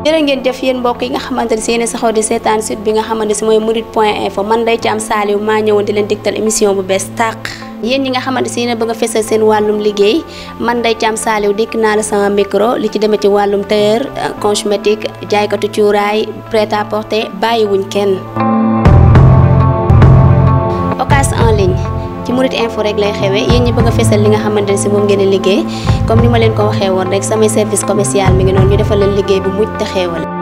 jërë ngeen jëf yéen mbokk yi nga xamante ne si yéen saxoo di seetaan site bi nga xamante si mooy murid point info man day ci am saaliw maa ñëwoon di leen digtal émission bu bees tàq yéen ñi nga xamante si yéen ba nga fesal seen wàllum liggéey man day ci am saaliw dikk naa la sama micro li ci demee ci wàllum tailleur cosmétique jaaykatu cuuraay prêt à porter bàyyiwuñ kenn occas en ligne ci Mouride info lay xewee yéen ñi bëgg a fesal li nga xamante ne si moom ngeen a liggéey comme ni ma leen ko waxee woon rek samay service commercial mi ngi noonu ñu defal leen liggéey bu mujj te xeewal